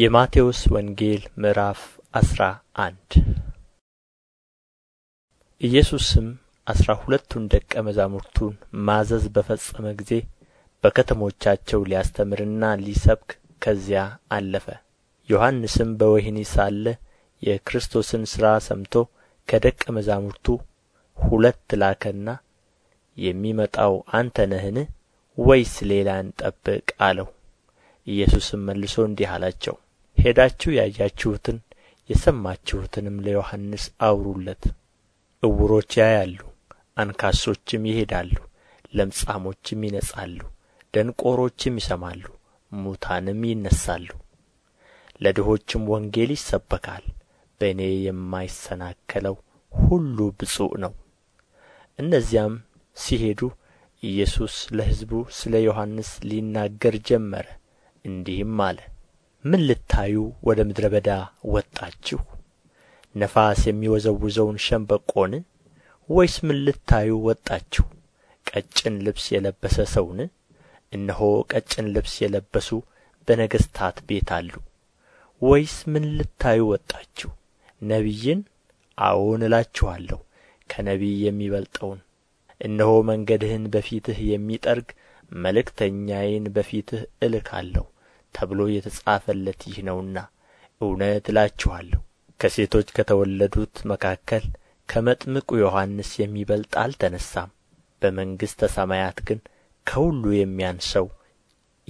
የማቴዎስ ወንጌል ምዕራፍ አስራ አንድ ኢየሱስም አስራ ሁለቱን ደቀ መዛሙርቱን ማዘዝ በፈጸመ ጊዜ በከተሞቻቸው ሊያስተምርና ሊሰብክ ከዚያ አለፈ። ዮሐንስም በወህኒ ሳለ የክርስቶስን ሥራ ሰምቶ ከደቀ መዛሙርቱ ሁለት ላከና የሚመጣው አንተ ነህን? ወይስ ሌላን ጠብቅ አለው። ኢየሱስም መልሶ እንዲህ አላቸው፣ ሄዳችሁ ያያችሁትን የሰማችሁትንም ለዮሐንስ አውሩለት ዕውሮች ያያሉ አንካሶችም ይሄዳሉ ለምጻሞችም ይነጻሉ ደንቆሮችም ይሰማሉ ሙታንም ይነሣሉ ለድሆችም ወንጌል ይሰበካል በእኔ የማይሰናከለው ሁሉ ብፁዕ ነው እነዚያም ሲሄዱ ኢየሱስ ለሕዝቡ ስለ ዮሐንስ ሊናገር ጀመረ እንዲህም አለ ምን ልታዩ ወደ ምድረ በዳ ወጣችሁ ነፋስ የሚወዘውዘውን ሸምበቆን ወይስ ምን ልታዩ ወጣችሁ ቀጭን ልብስ የለበሰ ሰውን እነሆ ቀጭን ልብስ የለበሱ በነገሥታት ቤት አሉ ወይስ ምን ልታዩ ወጣችሁ ነቢይን አዎን እላችኋለሁ ከነቢይ የሚበልጠውን እነሆ መንገድህን በፊትህ የሚጠርግ መልእክተኛዬን በፊትህ እልካለሁ ተብሎ የተጻፈለት ይህ ነውና እውነት እላችኋለሁ ከሴቶች ከተወለዱት መካከል ከመጥምቁ ዮሐንስ የሚበልጥ አልተነሳም በመንግሥተ ሰማያት ግን ከሁሉ የሚያንሰው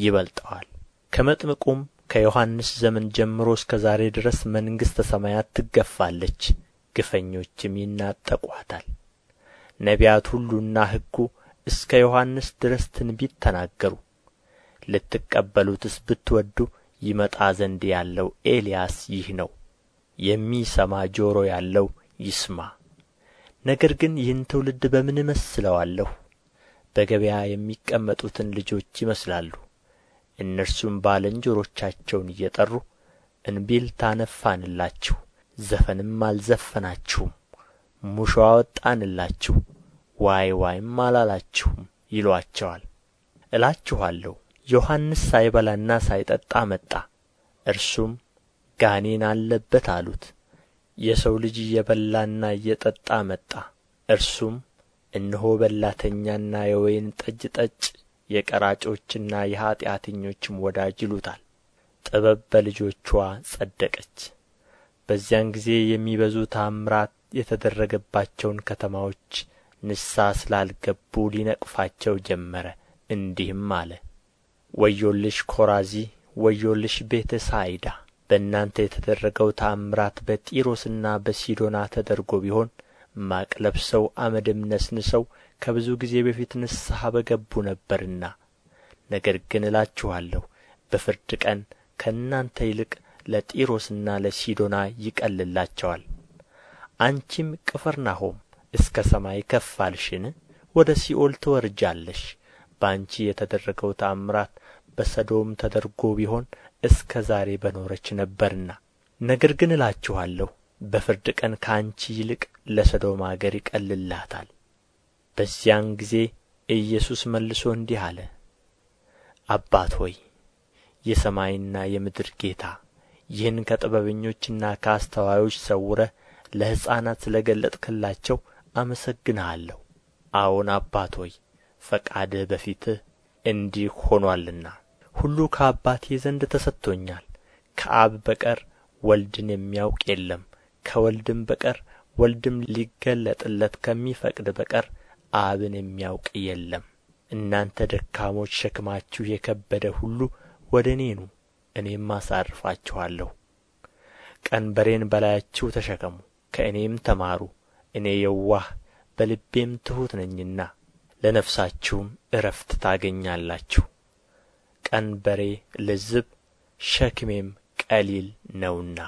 ይበልጠዋል ከመጥምቁም ከዮሐንስ ዘመን ጀምሮ እስከ ዛሬ ድረስ መንግሥተ ሰማያት ትገፋለች ግፈኞችም ይናጠቋታል ነቢያት ሁሉና ሕጉ እስከ ዮሐንስ ድረስ ትንቢት ተናገሩ ልትቀበሉትስ ብትወዱ ይመጣ ዘንድ ያለው ኤልያስ ይህ ነው የሚሰማ ጆሮ ያለው ይስማ ነገር ግን ይህን ትውልድ በምን እመስለዋለሁ በገበያ የሚቀመጡትን ልጆች ይመስላሉ እነርሱም ባልንጀሮቻቸውን እየጠሩ እንቢልታ ነፋንላችሁ ዘፈንም አልዘፈናችሁም ሙሾ አወጣንላችሁ ዋይ ዋይም አላላችሁም ይሏቸዋል። እላችኋለሁ ዮሐንስ ሳይበላና ሳይጠጣ መጣ እርሱም ጋኔን አለበት አሉት የሰው ልጅ እየበላና እየጠጣ መጣ እርሱም እነሆ በላተኛና የወይን ጠጅ ጠጭ የቀራጮችና የኀጢአተኞችም ወዳጅ ይሉታል ጥበብ በልጆቿ ጸደቀች በዚያን ጊዜ የሚበዙ ታምራት የተደረገባቸውን ከተማዎች ንስሐ ስላልገቡ ሊነቅፋቸው ጀመረ እንዲህም አለ ወዮልሽ ኮራዚ ወዮልሽ ቤተ ሳይዳ በእናንተ የተደረገው ተአምራት በጢሮስና በሲዶና ተደርጎ ቢሆን ማቅ ለብሰው አመድም ነስንሰው ከብዙ ጊዜ በፊት ንስሐ በገቡ ነበርና ነገር ግን እላችኋለሁ በፍርድ ቀን ከእናንተ ይልቅ ለጢሮስና ለሲዶና ይቀልላቸዋል። አንቺም ቅፍርናሆም እስከ ሰማይ ከፍ አልሽን? ወደ ሲኦል ትወርጃለሽ። በአንቺ የተደረገው ተአምራት በሰዶም ተደርጎ ቢሆን እስከ ዛሬ በኖረች ነበርና ነገር ግን እላችኋለሁ በፍርድ ቀን ከአንቺ ይልቅ ለሰዶም አገር ይቀልላታል በዚያን ጊዜ ኢየሱስ መልሶ እንዲህ አለ አባት ሆይ የሰማይና የምድር ጌታ ይህን ከጥበበኞችና ከአስተዋዮች ሰውረ ለሕፃናት ስለ ገለጥክላቸው አመሰግንሃለሁ አዎን አባት ሆይ ፈቃድህ በፊትህ እንዲህ ሆኗልና። ሁሉ ከአባቴ ዘንድ ተሰጥቶኛል ከአብ በቀር ወልድን የሚያውቅ የለም ከወልድም በቀር ወልድም ሊገለጥለት ከሚፈቅድ በቀር አብን የሚያውቅ የለም እናንተ ደካሞች ሸክማችሁ የከበደ ሁሉ ወደ እኔ ኑ እኔም አሳርፋችኋለሁ ቀንበሬን በላያችሁ ተሸከሙ ከእኔም ተማሩ እኔ የዋህ በልቤም ትሑት ነኝና ለነፍሳችሁም እረፍት ታገኛላችሁ ቀንበሬ ልዝብ ሸክሜም ቀሊል ነውና